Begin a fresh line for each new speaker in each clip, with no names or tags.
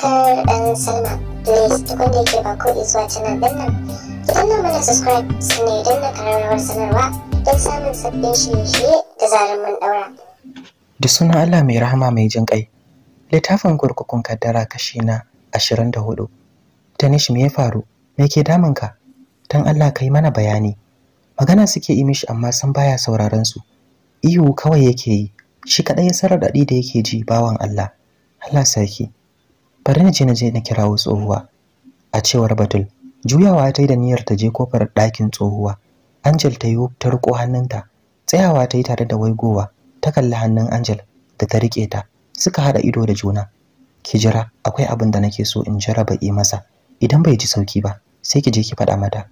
subscribe and sign up. Please tukun da yake ba ko zuwa canal din nan. Ki danna mana subscribe sannan idan na kararrawar sanarwa don samun sabbin shirye-shirye da zarar mun daura. Da sunan Allah mai rahama mai jin ƙai. Littafin kurkukun kaddara kashi na ashirin 24. Tanish me ya faru? Me ke damunka? Dan Allah kai mana bayani. Magana suke yi mishi amma san baya sauraron su. Ihu kawai yake yi. Shi kaɗai ya sarar dadi da yake ji bawan Allah. Allah sarki. bari na je na je na kirawo tsohuwa a cewar batul juyawa ta yi da niyyar ta je kofar ɗakin tsohuwa angel ta yi ta riko hannunta tsayawa ta yi tare da waigowa ta kalli hannun angel da ta riƙe ta suka haɗa ido da juna ki jira akwai abin da nake so in jira baƙi masa idan bai ji sauki ba sai ki je ki faɗa mata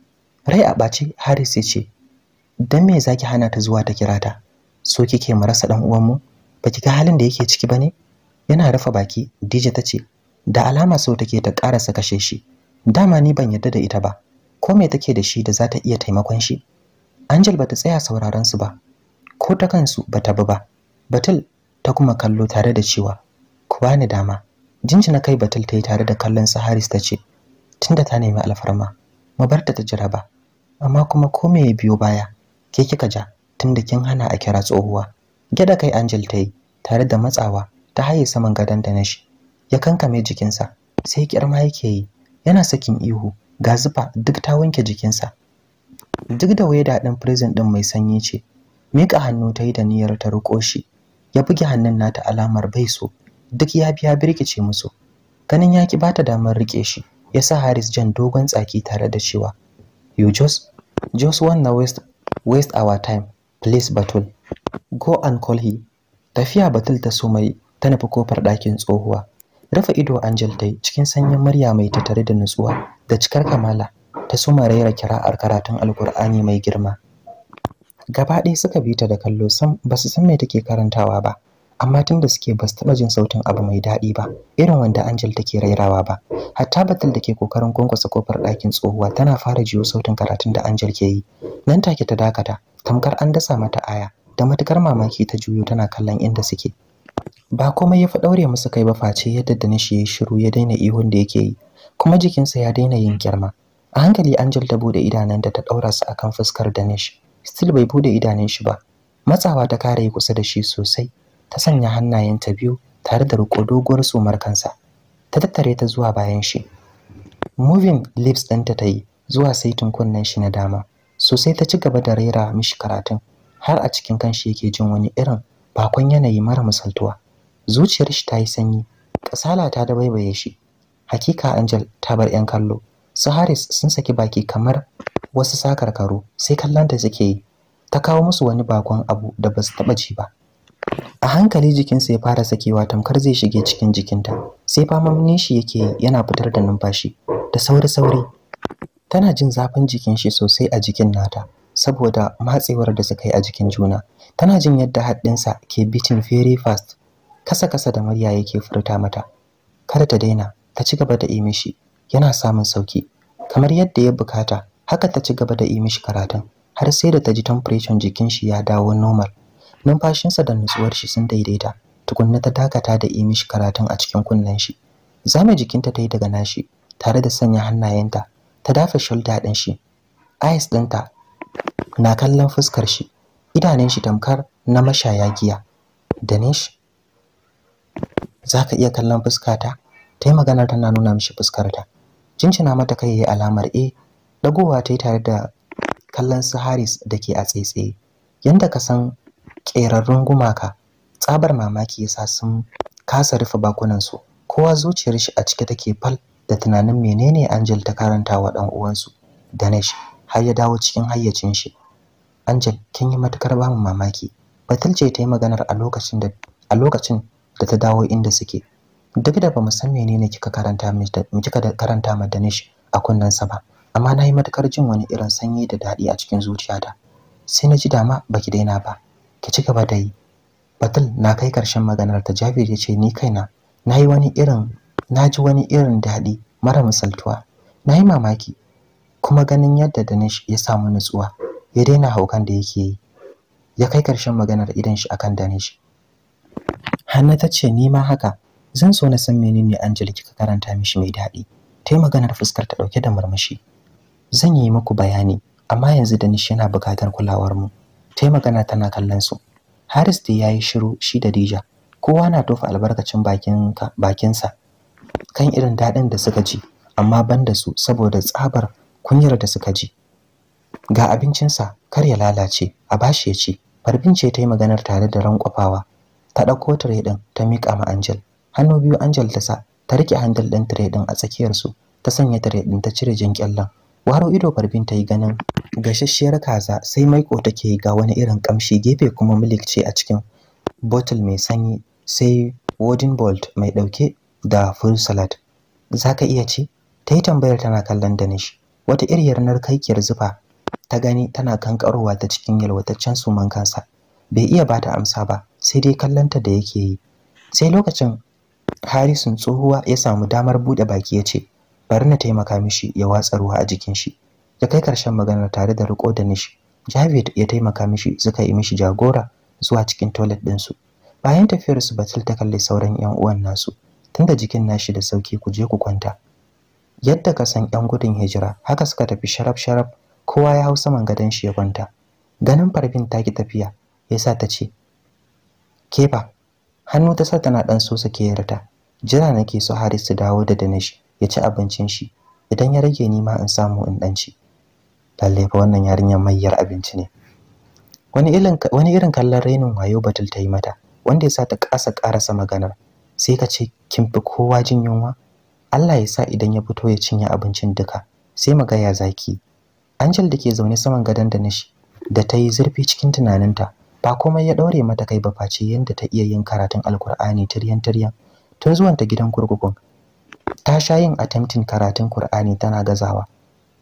rai a ɓace haris ya ce dan me zaki hana ta zuwa ta kira ta so kike mu rasa dan uwanmu baki ga halin da yake ciki ba ne? yana rufe baki dije ta ce da alama sau take ta karasa kashe shi dama ni ban yarda da ita ba ko me take da shi da za ta iya taimakon shi Angel bata tsaya sauraron su ba ko ta kansu bata bi ba Batul ta kuma kallo tare da cewa ku bani dama Jinji na kai Batul ta yi tare da kallon sa Haris ta ce tunda ta nemi alfarma mu bar ta ta jira ba amma kuma ko me ya biyo baya ke kika ja tunda kin hana a kira tsohuwa gida kai Angel ta yi tare da matsawa ta haye saman gadon da na shi ya kankame jikinsa sai kirma yake yi yana sakin ihu ga zufa duk ta wanke jikinsa duk da waye din prison din mai sanyi ce mika hannu ta yi da niyyar ta riƙo shi ya buge hannun nata alamar bai so duk ya biya birkice musu ganin ya yaki ta damar riƙe shi ya sa Haris jan dogon tsaki tare da cewa you just just wanna waste waste our time please batul go and call he tafiya batul ta sumai ta nufi kofar ɗakin tsohuwa Rafa ido Angel ta yi cikin sanyin murya mai tattare da nutsuwa da cikar kamala ta suma raira kira'ar karatun Alkur'ani mai girma. Gaba ɗaya suka bi ta da kallo sam ba su san me take karantawa ba, amma tun da suke ba su taɓa jin sautin abu mai daɗi ba, irin wanda Angel take rairawa ba. Hatta batul da ke kokarin kwankwasa kofar ɗakin tsohuwa tana fara jiyo sautin karatun da Angel ke yi. Nan take ta dakata, tamkar an dasa mata aya, da matukar mamaki ta juyo tana kallon inda suke. ba komai ya fi ɗaure musu kai ba face yadda da yi ya shiru ya daina ihun da yake yi kuma jikinsa ya daina yin girma a hankali Angel ta bude idanun da ta ɗaura su akan fuskar Danish still bai bude idanun shi ba matsawa ta kare kusa da shi sosai ta sanya hannayenta biyu tare da riƙo doguwar sumar kansa ta tattare ta zuwa bayan shi moving lips ɗinta ta yi zuwa saitin kunnen shi na dama sosai ta ci gaba da rera mishi karatun har a cikin kanshi yake jin wani irin bakon yanayi mara misaltuwa zuciyar shi ta yi sanyi kasala ta da baibaye shi hakika angel ta bar yan kallo su haris sun saki baki kamar wasu sakarkaru sai kallon ta suke yi ta kawo musu wani bakon abu da ba su taba ji ba a hankali jikinsa ya fara sakewa tamkar zai shige cikin jikinta sai faman shi yake yana fitar da numfashi da sauri sauri tana jin zafin jikin shi sosai a jikin nata saboda matsewar da suka yi a jikin juna tana jin yadda haddinsa ke bitin very fast kasa kasa da murya yake furta mata kada ta daina ta ci gaba da yi mishi yana samun sauki kamar yadda ya bukata haka ta ci gaba da yi mishi karatun har sai da ta ji temperature jikin shi ya dawo normal numfashinsa da nutsuwar shi sun daidaita tukunna ta dakata da yi mishi karatun a cikin kunnen shi zame jikinta ta yi daga nashi tare da sanya hannayenta ta dafa shoulder ɗin shi eyes ɗinta na kallon fuskar shi idanun shi tamkar na mashaya giya danish zaka iya kallon fuska ta yi maganar tana nuna mishi fuskarta cincina mata kai yayi alamar e dagowa ta yi tare da kallon su haris da ke a tsaitsaye yanda ka san ƙerarrun gumaka tsabar mamaki yasa sun kasa rufe su. kowa zuciyar shi a cike take fal da tunanin menene Angel ta karanta wa dan uwansu Danish har ya dawo cikin hayyacin shi Angel kin yi matukar ba mamaki batulce tai ta maganar a lokacin da a lokacin da ta dawo inda suke duk da ba mu san menene kika karanta mu kika karanta ma Danish a sa ba amma na yi matakar jin wani irin sanyi da dadi a cikin zuciyata sai na ji dama baki daina ba ki ci gaba da yi Batul na kai karshen maganar ta Jabir ya ce ni kaina nayi wani irin naji wani irin dadi mara misaltuwa nayi mamaki kuma ganin yadda Danish ya samu nutsuwa ya daina haukan da yake yi ya kai karshen maganar idan shi akan Danish Hanna ta ce ni ma haka zan so na san menene Angel kika karanta mishi mai daɗi. Ta yi maganar fuskar ta ɗauke da murmushi. Zan yi muku bayani amma yanzu da nishi yana buƙatar kulawar mu. Ta yi magana tana kallon su. Haris da ya yi shiru shi da Dija. Kowa na tofa albarkacin bakinsa kan irin daɗin da suka ji amma ban da su saboda tsabar kunyar da suka ji. Ga abincinsa kar ya lalace a bashi ya ce, barbin ce ta yi maganar tare da rankwafawa ta ɗauko tire ɗin ta miƙa ma Angel. Hannu biyu Angel ta sa ta riƙe handal ɗin tire ɗin a tsakiyarsu ta sanya tire ɗin ta cire jan ƙyallen. Waro ido Barbin ta yi ganin gasasshiyar kaza sai maiko take ga wani irin kamshi gefe kuma milik ce a cikin bottle mai sanyi sai wooden bolt mai ɗauke da full salad. Za ka iya ci? Ta yi tambayar tana kallon Danish. Wata iriyar narkaikiyar zufa ta gani tana kankarowa ta cikin yalwataccen suman kansa. Bai iya ba ta amsa ba, sai dai kallanta da yake yi sai lokacin Harrison tsohuwa ya samu damar bude baki ya ce bari na taimaka mishi ya watsa ruwa a jikin shi ya kai karshen maganar tare da riko da nishi Javid ya taimaka mishi suka yi mishi jagora zuwa cikin toilet ɗinsu bayan tafiyar su batul ta kalli sauran yan uwan nasu tunda jikin nashi da sauki ku je ku kwanta yadda ka san yan gudun hijira haka suka tafi sharaf sharaf kowa ya hau saman gadon shi ya kwanta ganin farfin ki tafiya yasa ta ce kefa hannu ta sa tana dan so yarda jira nake so Haris su dawo da Danish ya ci abincin shi idan ya rage ni ma in samu in dan ci lalle fa wannan yarinyar mayyar abinci ne wani irin wani irin kallon rainin wayo batul ta yi mata wanda ya sa ta kasa karasa maganar sai ka ce kin fi kowa jin yunwa Allah ya sa idan ya fito ya cinye abincin duka sai mu ga ya zaki Angel da ke zaune saman gadon Danish da ta yi zurfi cikin tunaninta ba komai ya daure mata kai ba face yanda ta iya yin karatun alkur'ani tiryan tiryan tun zuwan ta gidan kurkukun ta sha yin attempting karatun kur'ani tana gazawa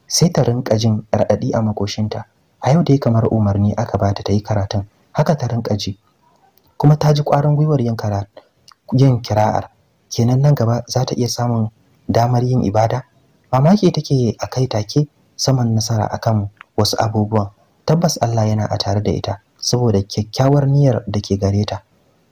sai ta rinka jin radadi a makoshinta a yau ya kamar umarni aka bata ta yi karatun haka ta rinka ji kuma ta ji ƙwarin gwiwar yin yin kira'ar kenan nan gaba za ta iya samun damar yin ibada mamaki take a kai take saman nasara akan wasu abubuwan tabbas Allah yana a tare da ita saboda kyakkyawar niyyar da ke gare ta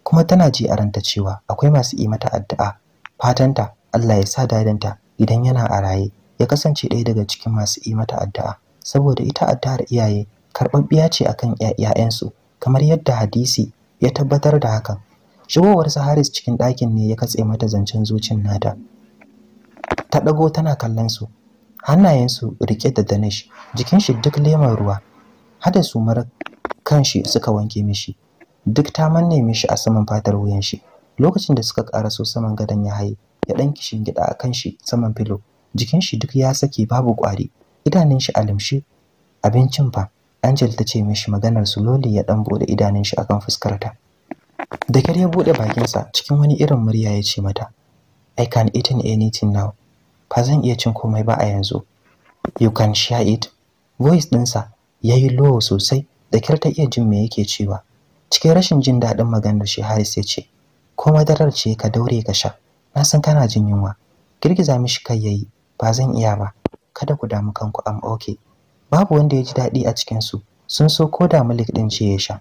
kuma tana ji a ranta cewa akwai masu yi mata addu'a fatanta Allah ya sa dadinta idan yana a raye ya kasance ɗaya daga cikin masu yi mata addu'a saboda ita addu'ar iyaye karɓaɓɓiya ce akan ‘ya'yansu kamar yadda hadisi ya tabbatar da hakan shigowar su Haris cikin ɗakin ne ya katse mata zancen zucin nata ta ɗago tana kallon su hannayensu rike da danish jikin shi duk lemon ruwa hada su kanshi suka wanke mishi duk ta manne mishi a saman fatar wuyan shi lokacin da suka karaso saman gadon ya haye ya dan kishin gida a kanshi saman filo jikin shi duk ya sake babu kwari idanun shi alimshi abincin fa Angel ta ce mishi maganar su loli ya dan bude idanun shi akan fuskar ta da kyar ya bude bakin sa cikin wani irin murya ya ce mata I can eat anything now fa zan iya cin komai ba a yanzu you can share it voice din sa yayi low sosai da ta iya jin me yake cewa cikin rashin jin daɗin maganar shi Haris ya ce ko madarar ce ka daure ka sha na san kana jin yunwa girgiza mishi kai yayi ba zan iya ba kada ku damu kanku am okay babu wanda ya ji daɗi a cikin su sun so ko da mulik ɗin ce ya sha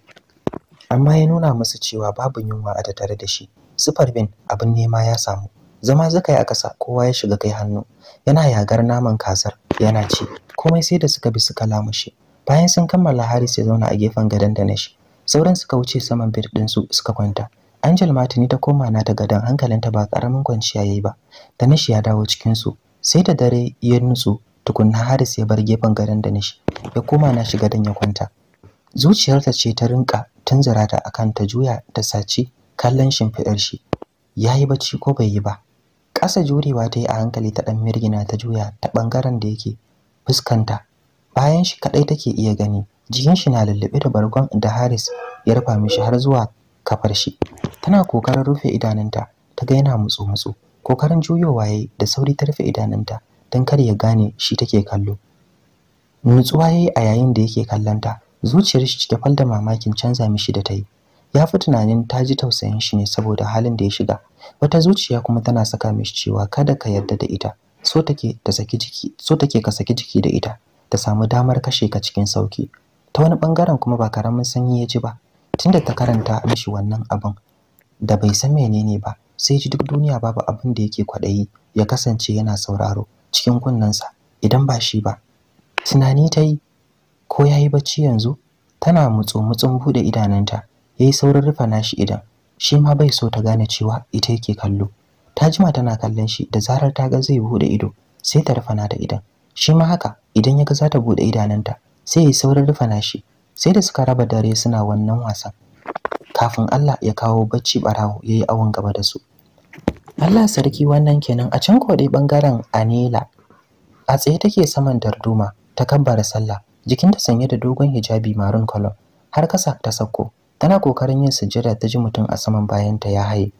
amma ya nuna musu cewa babu yunwa a tattare da shi sifar bin abin nema ya samu zama zaka yi a ƙasa kowa ya shiga kai hannu yana yagar naman kasar yana ci komai sai da suka bi suka lamushe bayan sun kammala haris ya zauna a gefen gadon da nashi sauran suka wuce saman bed din su suka kwanta angel martini ta koma na ta gadon hankalinta ba karamin kwanciya yayi ba da nashi ya dawo cikin su sai da dare ya nutsu tukunna haris ya bar gefen gadon da nashi ya koma na shi gadon ya kwanta zuciyarta ce ta rinka tunzura ta akan ta juya ta sace kallon shimfiɗar shi yayi bacci ko bai yi ba ƙasa jurewa ta yi a hankali ta ɗan mirgina ta juya ta ɓangaren da yake fuskanta bayan shi kadai take iya gani jikin shi na lullube da bargon da Haris ya rufa mishi har zuwa kafar shi tana kokarin rufe idanunta ta ga yana mutsu mutsu kokarin juyowa yayi da sauri ta rufe idanunta dan kar ya gane shi take kallo nutsuwa yayi a yayin da yake kallanta zuciyar shi cike fal da mamakin canza mishi da ta yi ya fi tunanin ta ji tausayin shi ne saboda halin da ya shiga wata zuciya kuma tana saka mishi cewa kada ka yarda da ita so take ta saki jiki so take ka saki jiki da ita ta samu damar kashe ka cikin sauki ta wani bangaren kuma ba karamin sanyi ya ji ba tunda ta karanta mishi wannan abin da bai san menene ba sai ji duk duniya babu abin da yake kwaɗayi ya kasance yana sauraro cikin kunnensa idan ba shi ba tunani ta yi ko ya yi bacci yanzu tana mutsu mutsun buɗe idanunta ya yi saurin rufe nashi idan shi ma bai so ta gane cewa ita yake kallo ta jima tana kallon shi da zarar ta ga zai buɗe ido sai ta rufe nata idan shi ma haka idan ya ga za ta buɗe idanunta sai ya yi saurin rufe nashi sai da suka raba dare suna wannan wasan kafin Allah ya kawo bacci barawo ya yi awon gaba da su Allah sarki wannan kenan a can koɗe ɓangaren Anela a tsaye take saman darduma ta kabbara sallah jikinta sanye da dogon hijabi marun color har kasa ta sako tana kokarin yin sujjada ta ji mutum a saman bayanta ya haye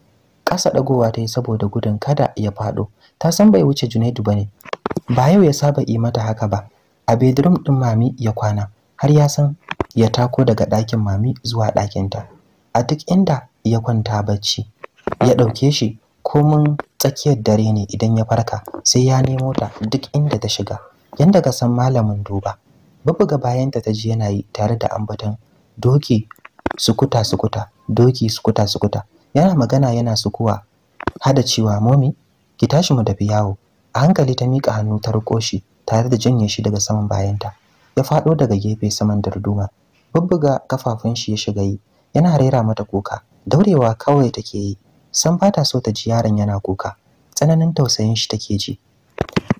ƙasa ɗagowa ta yi saboda gudun kada ya faɗo ta san bai wuce Junaidu bane ba yau ya saba yi mata haka ba a bedroom din mami ya kwana har ya san ya tako daga ɗakin mami zuwa ɗakinta a duk inda ya kwanta bacci ya ɗauke shi komin tsakiyar dare ne idan ya farka sai ya nemo ta duk inda ta shiga yanda ka san malamin duba babuga bayanta ta ji yana yi tare da ambaton doki sukuta sukuta doki sukuta sukuta yana magana yana sukuwa hada cewa momi ki tashi mu tafi yawo a hankali ta miƙa hannu ta riko shi tare da janye shi daga saman bayanta ya faɗo daga gefe saman darduma bubbuga kafafun shi ya shiga yi yana rera mata kuka daurewa kawai take yi san ba so ta ji yaron yana kuka tsananin tausayin shi take ji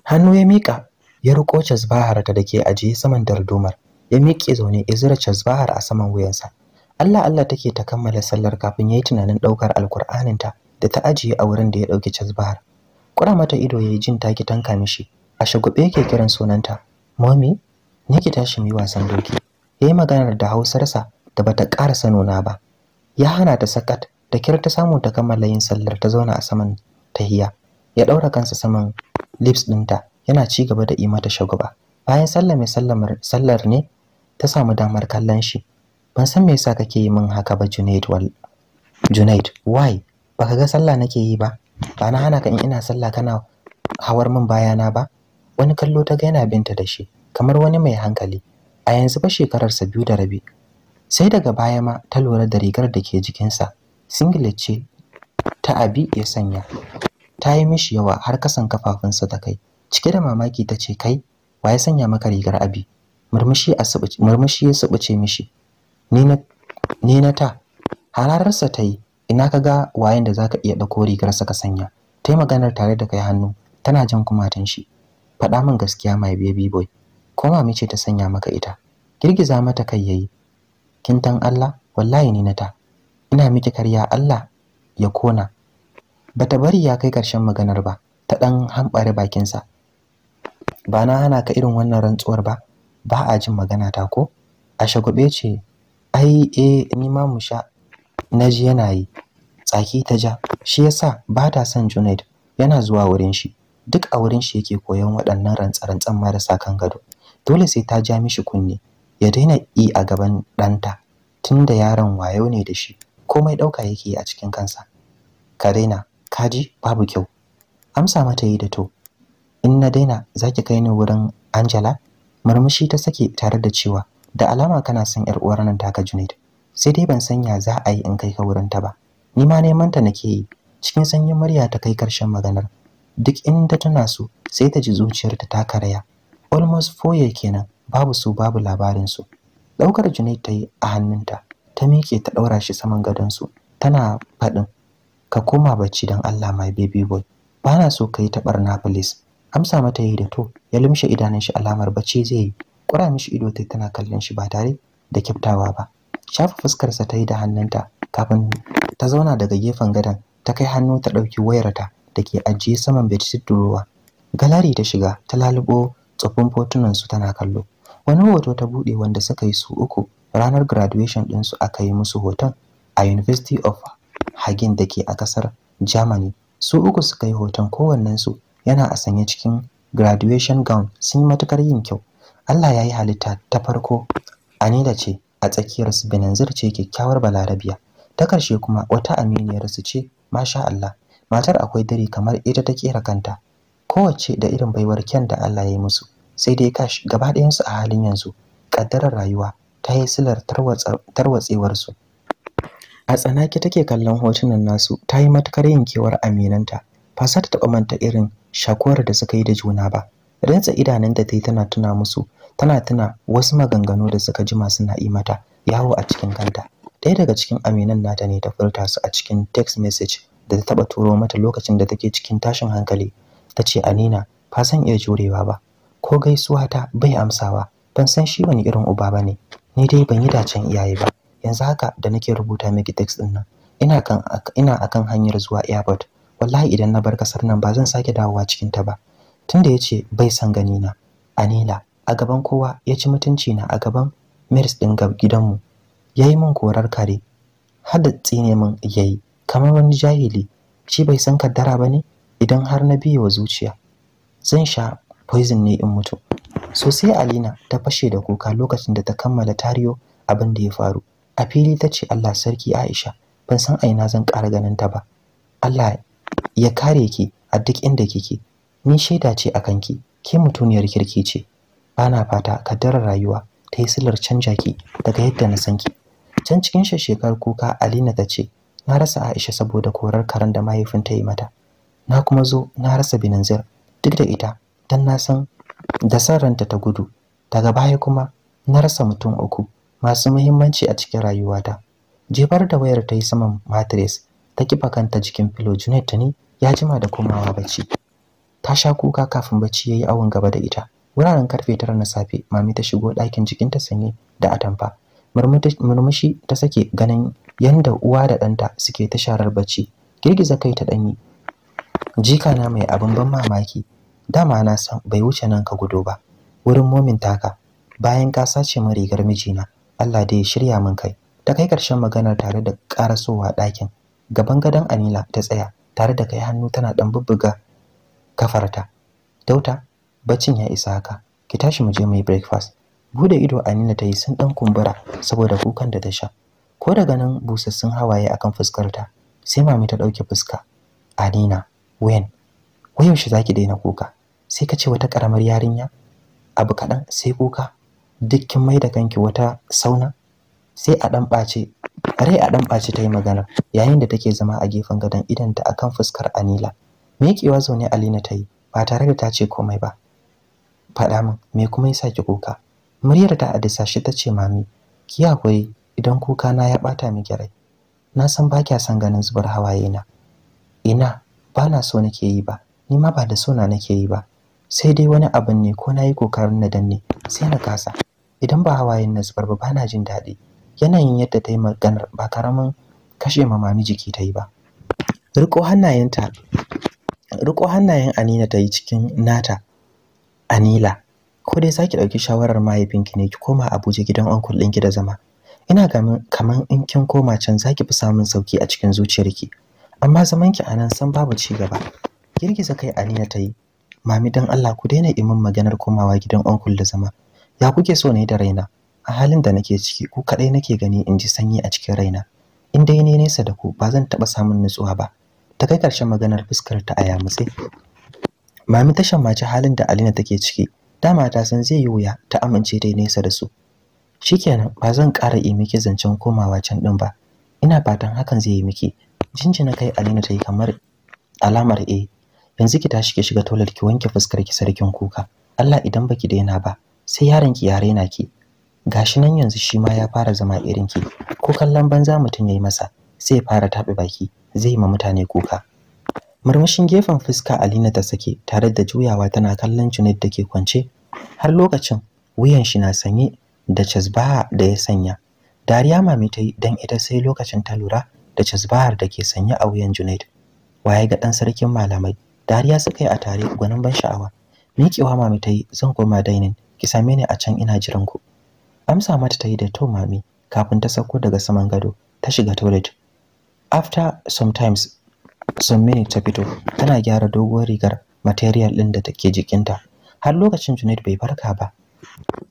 hannu ya miƙa ya riko casbahar ta dake ajiye saman dardumar ya miƙe zaune ya zura casbahar a saman wuyansa Allah Allah take ta kammala sallar kafin yayi tunanin ɗaukar alkur'aninta da ta ajiye a wurin da ya ɗauki casbahar kura mata ido yayi jin taki ki tanka mishi a shugube yake kiran sunanta mommy ne ki tashi mi wasan doki yayi maganar da hausarsa da bata ƙara sanona ba ya hana ta sakat da kira ta samu ta kammala yin sallar ta zauna a saman tahiya ya daura kansa saman lips dinta yana ci gaba da yi mata shagaba bayan sallar mai sallar sallar ne ta samu damar kallon shi ban san me yasa kake yi min haka ba Junaid wal Junaid why baka ga sallah nake yi ba ba na hana ka in ina sallah kana hawar min bayana ba wani kallo ta ga yana binta da shi kamar wani mai hankali a yanzu ba shekararsa biyu da rabi sai daga baya ma ta lura da rigar da ke jikinsa singlet ce ta abi ya sanya ta yi mishi yawa har kasan kafafunsa da kai cike da mamaki ta ce kai wa ya sanya maka rigar abi murmushi ya subuce mishi ni na ta hararsa ta yi ina ka ga wayen da zaka iya ɗauko rigar sa ka sanya yi maganar tare da kai hannu tana jan kumatan shi faɗa min gaskiya my baby boy ko mami ce ta sanya maka ita girgiza mata kai yayi kin tan Allah wallahi ni na ta. ina miki karya Allah ya kona bata bari ya kai karshen maganar ba ta ɗan hambare bakinsa ba na hana ka irin wannan rantsuwar ba ba a jin magana ta ko a shagube ce ai eh ni ma mu sha na ji yana yi tsaki ta ja shi yasa ba ta son Junaid yana zuwa wurin shi duk a wurin shi yake koyon waɗannan rantsarantsan marasa kan gado dole sai ta ja mishi kunne ya daina i a gaban ɗanta tunda yaron wayo ne da shi komai ɗauka yake a cikin kansa ka daina ka babu kyau amsa mata yi da to in na daina za ki kai ni wurin Angela murmushi ta sake tare da cewa da alama kana son 'yar uwar nan taka Junaid sai dai ban sanya za a yi in kai ka wurin ta ba ni ma neman ta nake yi cikin sanyin murya ta kai karshen maganar duk inda tana so sai ta ji zuciyarta ta karaya almost foye kenan babu su babu labarin su daukar Junaid ta yi a hannunta ta miƙe ta ɗaura shi saman gadon su tana faɗin ka koma bacci don Allah my baby boy bana so kai ta barna police amsa mata yi da to ya lumshe idanun shi alamar bacci zai yi kura mishi ido tai tana kallon shi ba tare da kyaftawa ba shafa fuskarsa ta yi da hannunta kafin ta zauna daga gefen gadon ta kai hannu ta ɗauki wayarta da ke ajiye saman bedsheet durowa galari ta shiga ta lalubo tsoffin fotunan su tana kallo wani hoto ta buɗe wanda suka yi su uku ranar graduation ɗinsu aka yi musu hoton a University of Hagen da ke a ƙasar Germany su uku suka yi hoton kowannensu yana a sanye cikin graduation gown sun yi matukar yin kyau Allah ya yi halitta ta farko Anila ce a tsakiyar su Benanzir ce kyakkyawar Balarabiya ta karshe kuma wata aminiyar su ce masha Allah matar akwai dare kamar ita ta kera kanta kowace da irin baiwar kyan da Allah ya yi musu sai dai kash gaba ɗayansu a halin yanzu kaddarar rayuwa ta yi silar tarwatsewar su a tsanaki take kallon hotunan nasu ta yi matukar yankewar aminanta ba za ta taɓa manta irin shakuwar da suka yi da juna ba rantsa da ta yi tana tuna musu tana tuna wasu maganganu da suka jima suna yi mata yawo a cikin kanta ɗaya daga cikin aminan nata ne ta furta su a cikin text message da ta taɓa turo mata lokacin da take cikin tashin hankali ta ce anina fa san iya jurewa ba ko gaisuwa ta bai amsawa ban san shi wani irin uba ba ne ni dai ban yi dacen iyaye ba yanzu haka da nake rubuta miki text ɗin nan ina kan ina akan hanyar zuwa airport wallahi idan na bar kasar nan ba zan sake dawowa cikin ta ba tunda yace bai san gani na anila a gaban kowa ya ci mutunci na a gaban mirs din gidanmu ya yi min korar kare hada tsine min ya yi kamar wani jahili shi bai san kaddara ba ne idan har na biye wa zuciya zan sha poison ne in mutu sosai alina ta fashe da kuka lokacin da ta kammala tariyo abin da ya faru a fili ta ce allah sarki aisha ban san aina zan ƙara ganin ta ba allah ya kare ki a duk inda kike ni shaida ce a kanki ke mutuniyar kirki ce Bana fata kaddarar rayuwa ta yi silar canja ki daga yadda na san ki. Can cikin shekar kuka Alina ta ce, na rasa Aisha saboda korar karen da mahaifin ta yi mata. Na kuma zo na rasa Binanzir duk da ita dan na san da san ranta ta gudu. Daga baya kuma na rasa mutum uku masu muhimmanci a cikin rayuwata. Jefar da wayar ta yi saman matres ta kifa kanta jikin filo junet ta ne ya jima da komawa bacci. Ta sha kuka kafin bacci ya yi awon gaba da ita. Wuraren karfe tara na safe, mami ta shigo ɗakin jikinta sanye da atamfa. Murmushi ta sake ganin yanda uwa da ɗanta suke ta sharar bacci. Girgiza kai ta ɗanyi. Jika na mai abin ban mamaki. Dama na san bai wuce nan ka gudo ba. Wurin momin taka. Bayan ka sace min rigar mijina, Allah dai ya shirya min kai. Ta kai ƙarshen maganar tare da ƙarasowa ɗakin. Gaban gadon Anila ta tsaya tare da kai hannu tana ɗan bubbuga kafarta. Dauta, baccin ya isa haka ki tashi mu je mu yi breakfast bude ido anina ta yi sun dan kumbura saboda kukan da ta sha ko daga nan busassun hawaye akan fuskarta sai mami ta dauke fuska anina wen wayaushe zaki daina kuka sai ka ce wata karamar yarinya abu kadan sai kuka dukkin mai da kanki wata sauna sai a dan bace rai a dan bace ta yi magana yayin da take zama a gefen gadon ta akan fuskar Anila miƙewa zaune Alina ta yi ba tare da ta ce komai ba faɗa min me kuma yasa ki kuka muryar ta a shi ta ce mami ki hakuri idan kuka na ya bata miki rai na san ba kya san ganin zubar hawaye na ina ba na so nake yi ba ni ma ba da so na nake yi ba sai dai wani abin ne ko na yi kokarin na danne sai na kasa idan ba hawayen na zubar ba na jin daɗi yanayin yadda ta yi maganar ba karamin kashe ma mami jiki ta yi ba riko ta riko hannayen Anina ta yi cikin nata Anila ko dai zaki dauki shawarar mahaifinki ne ki koma Abuja gidan uncle ɗinki da zama ina ganin kaman in kin koma can zaki fi samun sauki a cikin zuciyarki amma zaman ki anan san babu ci gaba girgiza kai Anila tayi mami dan Allah ku daina imin maganar komawa gidan uncle da zama ya kuke so ne da raina a halin da nake ciki ku kadai nake gani in ji sanyi a cikin raina in dai ne nesa da ku ba zan taba samun nutsuwa ba ta kai karshen maganar fuskar ta a yamutse Mami ta shammaci halin da Alina take ciki. Dama ta san zai yi wuya ta amince dai nesa da su. Shikenan ba zan ƙara yi miki zancen komawa can din ba. Ina fatan hakan zai yi miki. Jinjina kai Alina ta yi kamar alamar A. Eh. Yanzu ki tashi ki shiga tolar ki wanke fuskar ki sarkin kuka. Allah idan baki daina ba sai yaron ki yare raina ki. Gashi nan yanzu shi ma ya fara zama irin ki. Ko kallon banza mutum yayi masa sai ya fara taɓa baki zai ma mutane kuka. Marmashin gefen fuska Alina ta sake tare da juyawa tana kallon Junaid da ke kwance har lokacin wuyan shi na sanye da casbaha da ya sanya. Dariya mami ta yi don ita sai lokacin ta lura da casbahar da ke sanye a wuyan Junaid. Waye ga ɗan sarkin malamai, dariya suka yi a tare gwanin ban sha'awa. Miƙewa mami ta yi zan koma dainin, ki same ni a can ina jiran ku. Amsa mata ta yi da to mami kafin ta sauko daga saman gado ta shiga toilet. After sometimes Summe ta fito tana gyara doguwar rigar material ɗin da take jikinta. Har lokacin Junaid bai farka ba.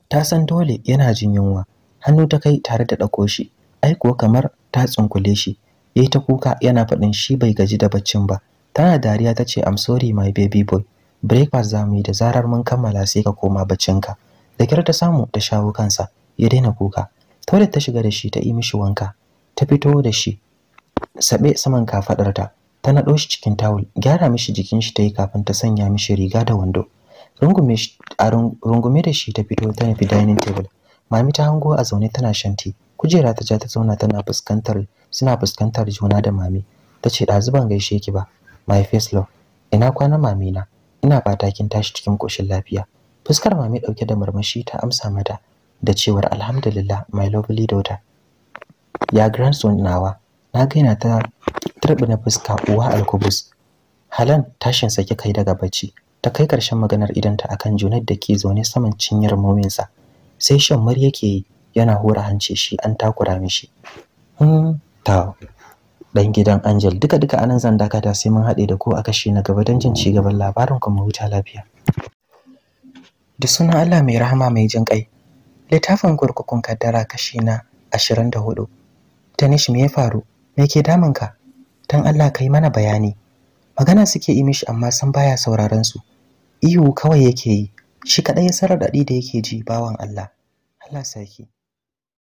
Ta san dole yana jin yunwa. Hannu ta kai tare da ɗauko shi. Ai kuwa kamar ta tsunkule shi. Yayi ta kuka yana faɗin shi bai gaji da baccin ba. Tana dariya ta ce I'm sorry my baby boy. Breakfast za mu yi da zarar mun kammala sai ka koma baccinka. Da kyar ta samu ta shawo kansa ya daina kuka. Toilet ta shiga da shi ta yi mishi wanka. Ta fito da shi saɓe saman kafaɗarta ta naɗo shi cikin tawul gyara mishi jikin shi ta yi kafin ta sanya mishi riga da wando rungume da shi ta fito ta nufi dining table mami ta hango a zaune tana shanti kujera ta ja ta zauna tana fuskantar suna fuskantar juna da mami ta ce ɗazu ban gaishe ki ba my face love ina kwana mami na ina fata kin tashi cikin koshin lafiya fuskar mami ɗauke da murmushi ta amsa mata da cewar alhamdulillah my lovely daughter ya grandson nawa na gaina ta na fuska uwa alkubus halan tashin sa kai daga bacci ta kai karshen maganar idanta akan junar da ke zaune saman cinyar mominsa sai shan yake yi yana hura hance shi an takura mishi hmm ta dan gidan angel duka duka anan zan daka dakata sai mun haɗe da ko a kashi na gaba don jin ci gaban labarin kuma huta lafiya da sunan Allah mai rahama mai jin kai littafin kurkukun kaddara kashi na 24 tanish me ya faru me ke ka? dan Allah kai mana bayani magana suke yi mishi amma san baya sauraron su ihu kawai yake yi shi kadai ya sarar da yake ji bawan Allah Allah sarki